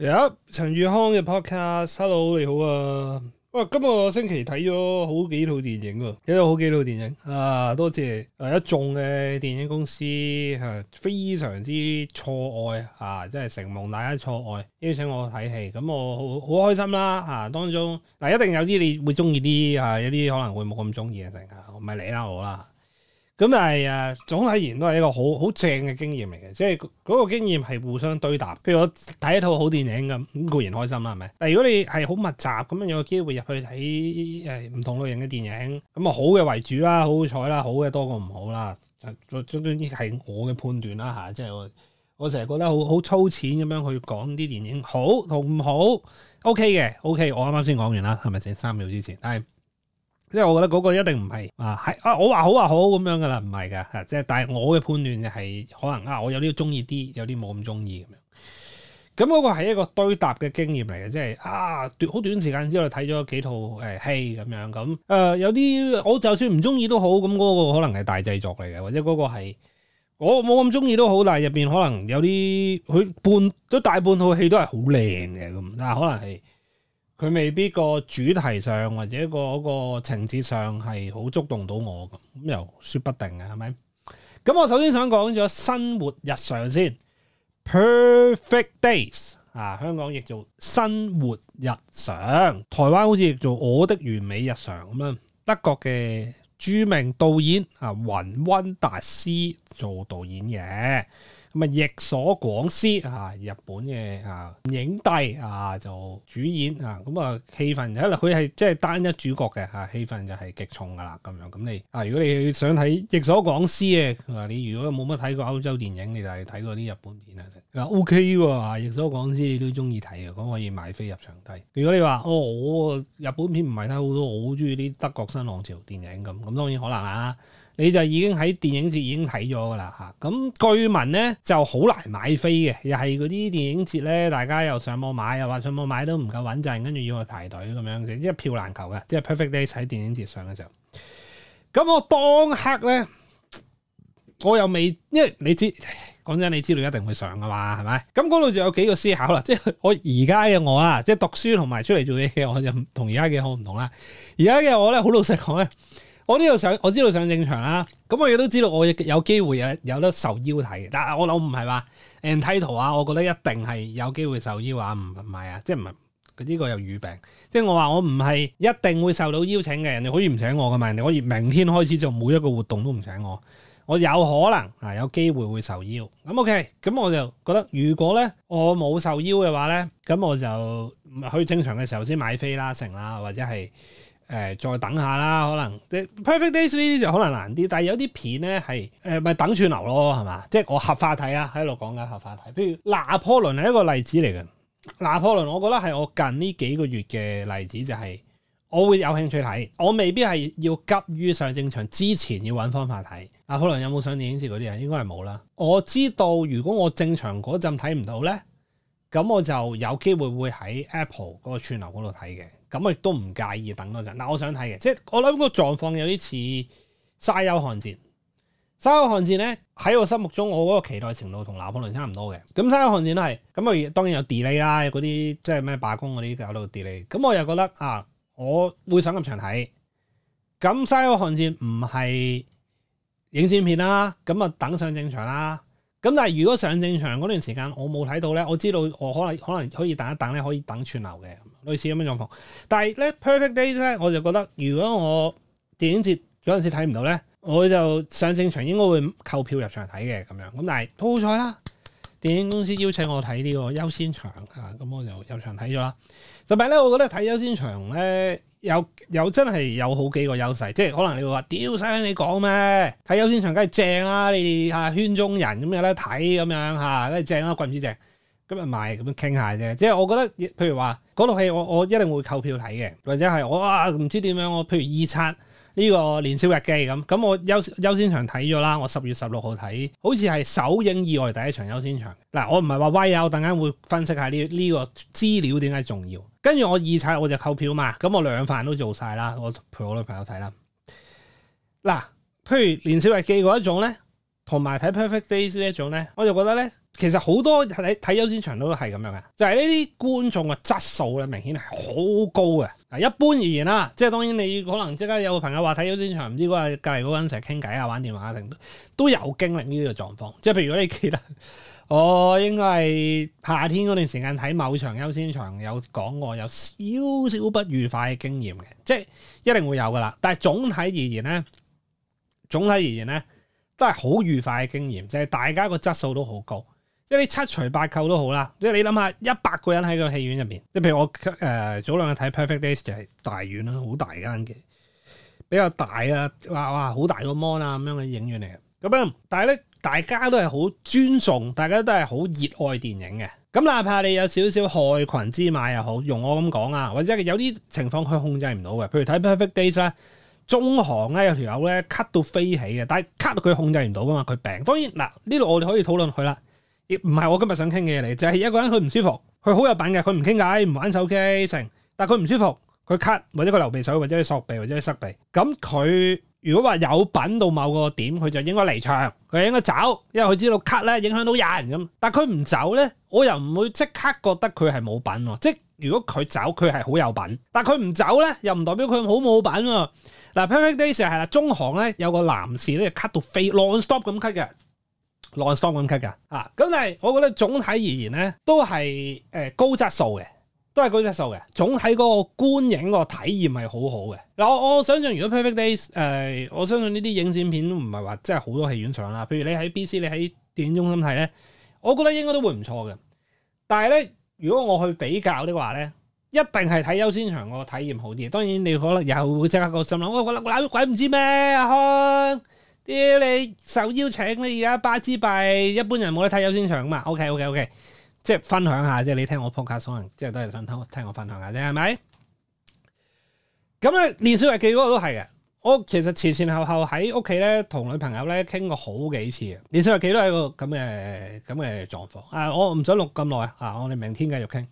嚟阿陳宇康嘅 podcast，hello 你好啊，喂、啊，今個星期睇咗好幾套電影，睇咗好幾套電影啊，多謝啊一眾嘅電影公司，係、啊、非常之錯愛啊，即係承蒙大家錯愛邀請我睇戲，咁、嗯、我好好開心啦啊！當中嗱、啊，一定有啲你會中意啲啊，有啲可能會冇咁中意嘅成，唔係你拉我啦。咁但係誒總體言都係一個好好正嘅經驗嚟嘅，即係嗰個經驗係互相對答。譬如我睇一套好電影咁固然開心啦，係咪？但如果你係好密集咁樣有機會入去睇誒唔同類型嘅電影，咁啊好嘅為主啦，好好彩啦，好嘅多過唔好啦。就相當於係我嘅判斷啦吓、啊，即係我我成日覺得好好粗淺咁樣去講啲電影好同唔好，OK 嘅 OK 我剛剛。我啱啱先講完啦，係咪先三秒之前？但係。即係我覺得嗰個一定唔係啊，係啊，我話好，話好啊好咁樣噶啦，唔係噶，即係但係我嘅判斷係可能啊，我有啲中意啲，有啲冇咁中意咁樣。咁、啊、嗰、嗰個係一個堆搭嘅經驗嚟嘅，即係啊，好短時間之後睇咗幾套誒戲咁樣咁。誒、啊啊、有啲我就算唔中意都好，咁、那、嗰個可能係大製作嚟嘅，或者嗰個係我冇咁中意都好，但係入邊可能有啲佢半都大半套戲都係好靚嘅咁，但、啊、係可能係。佢未必個主題上或者個情節上係好觸動到我咁，又説不定嘅，係咪？咁我首先想講咗生活日常先，Perfect Days 啊，香港亦做生活日常，台灣好似做我的完美日常咁樣。德國嘅著名導演啊，雲溫達斯做導演嘅。咁啊，役所廣司啊，日本嘅啊影帝啊，就主演啊，咁啊，戲份，就佢係即係單一主角嘅嚇、啊，戲份就係極重噶啦咁樣。咁你啊，如果你想睇役所廣司嘅、啊，你如果冇乜睇過歐洲電影，你就睇過啲日本片啊。嗱，O K 喎，役、啊、所廣司你都中意睇嘅，咁可以買飛入場睇。如果你話哦，我日本片唔係睇好多，我好中意啲德國新浪潮電影咁，咁當然可能啦、啊。你就已經喺電影節已經睇咗噶啦嚇，咁、嗯、據聞咧就好難買飛嘅，又係嗰啲電影節咧，大家又上網買，又話上網買都唔夠穩陣，跟住要去排隊咁樣嘅，一票難求嘅，即係 perfect day 喺電影節上嘅時候。咁我當刻咧，我又未，因為你知講真，你知道你一定會上噶嘛，係咪？咁嗰度就有幾個思考啦，即係我而家嘅我啊，即係讀書同埋出嚟做嘢嘅我就同而家嘅我好唔同啦。而家嘅我咧，好老實講咧。我呢度想我知道上正常啦，咁我亦都知道我有機會有有得受邀睇，但係我諗唔係嘛？entitle 啊，我覺得一定係有機會受邀啊，唔唔係啊，即係唔係？呢、這個有語病。即係我話我唔係一定會受到邀請嘅。人哋可以唔請我噶嘛？人哋可以明天開始做每一個活動都唔請我，我有可能啊，有機會會受邀。咁、嗯、OK，咁我就覺得如果咧我冇受邀嘅話咧，咁我就去正常嘅時候先買飛啦，成啦，或者係。誒、欸，再等下啦，可能 The Perfect Days 呢啲，就可能難啲，但係有啲片咧係誒，咪、呃、等串流咯，係嘛？即係我合法睇啊，喺度講緊合法睇。譬如拿破崙係一個例子嚟嘅。拿破崙我覺得係我近呢幾個月嘅例子，就是，就係我會有興趣睇，我未必係要急於上正常之前要揾方法睇。拿破崙有冇上電影節嗰啲啊？應該係冇啦。我知道如果我正常嗰陣睇唔到咧，咁我就有機會會喺 Apple 嗰個串流嗰度睇嘅。咁我亦都唔介意等多陣。嗱，我想睇嘅，即係我諗個狀況有啲似沙丘瀚戰。沙丘瀚戰咧喺我心目中，我嗰個期待程度同拿破崙差唔多嘅。咁沙丘瀚戰都係，咁啊當然有 delay 啦，嗰啲即係咩罷工嗰啲搞到 delay。咁我又覺得啊，我會想咁長睇。咁沙丘瀚戰唔係影展片啦，咁啊等上正場啦。咁但係如果上正場嗰段時間我冇睇到呢，我知道我可能可能可以等一等咧，可以等串流嘅，類似咁嘅狀況。但係呢 Perfect Days 呢，我就覺得如果我電影節嗰陣時睇唔到呢，我就上正場應該會購票入場睇嘅，咁樣。咁但係好彩啦，電影公司邀請我睇呢個優先場啊，咁我就入場睇咗啦。特別呢，我覺得睇優先場呢。有有真係有好幾個優勢，即係可能你會話，屌，使你講咩？睇優先場梗係正啦，啊，你哋圈中人咁有得睇咁樣吓，梗係正啦，啊，貴唔知正。今日買咁樣傾下啫，即係我覺得，譬如話嗰套戲，戲我我一定會購票睇嘅，或者係我啊唔知點樣，我譬如二刷。呢個年少日記咁咁，我優優先場睇咗啦。我十月十六號睇，好似係首映以外第一場優先場。嗱，我唔係話威呀，我等陣會分析下呢個、呢個資料點解重要。跟住我二刷，我就購票嘛。咁我兩份都做晒啦，我陪我女朋友睇啦。嗱，譬如年少日記嗰一種咧，同埋睇 Perfect Days 呢一種咧，我就覺得咧。其實好多睇睇優先場都係咁樣嘅，就係、是、呢啲觀眾嘅質素咧明顯係好高嘅。嗱，一般而言啦，即係當然你可能即刻有朋友話睇優先場，唔知嗰個隔籬嗰個人成日傾偈啊、玩電話啊，都有經歷呢個狀況。即係譬如你記得，我應該係夏天嗰段時間睇某場優先場有，有講過有少少不愉快嘅經驗嘅，即係一定會有噶啦。但係總體而言咧，總體而言咧都係好愉快嘅經驗，就係大家個質素都好高。即係你七除八扣都好啦，即係你諗下一百個人喺個戲院入面，即係譬如我誒、呃、早兩日睇 Perfect Days 就係大院啦，好大間嘅，比較大啊，哇哇好大個 mon 啊咁樣嘅影院嚟嘅，咁啊，但係咧大家都係好尊重，大家都係好熱愛電影嘅，咁哪怕你有少少害群之馬又好，用我咁講啊，或者有啲情況佢控制唔到嘅，譬如睇 Perfect Days 咧，中行咧有條友咧 cut 到飛起嘅，但係 cut 到佢控制唔到噶嘛，佢病，當然，嗱，呢度我哋可以討論佢啦。亦唔係我今日想傾嘅嘢嚟，就係一個人佢唔舒服，佢好有品嘅，佢唔傾偈，唔玩手機成，但佢唔舒服，佢 cut 或者佢流鼻水，或者佢索鼻，或者佢塞鼻。咁佢如果話有品到某個點，佢就應該離場，佢應該走，因為佢知道 cut 咧影響到人咁。但佢唔走咧，我又唔會即刻覺得佢係冇品喎。即如果佢走，佢係好有品；但佢唔走咧，又唔代表佢好冇品喎。嗱 Perfect Day 係啦，中行咧有個男士咧 cut 到飛亂 stop 咁 cut 嘅。long form 咁 cut 噶，啊，咁但係我覺得總體而言咧，都係誒、呃、高質素嘅，都係高質素嘅。總體嗰個觀影個體驗係好好嘅。嗱、啊，我我想象如果 Perfect Days 誒、呃，我相信呢啲影展片都唔係話真係好多戲院場啦。譬如你喺 B C，你喺電影中心睇咧，我覺得應該都會唔錯嘅。但係咧，如果我去比較的話咧，一定係睇優先場個體驗好啲。當然，你可能又會即刻個心諗，我我我鬼唔知咩阿啊？啊哎、你受邀請，你而家八支幣，一般人冇得睇優先場啊嘛。OK OK OK，即係分享下，即係你聽我 podcast 可能即係都係想聽我分享下啫，係咪？咁咧，年少日記嗰個都係嘅。我其實前前後後喺屋企咧，同女朋友咧傾過好幾次嘅。年少日記都係個咁嘅咁嘅狀況。啊，我唔想錄咁耐啊，我哋明天繼續傾。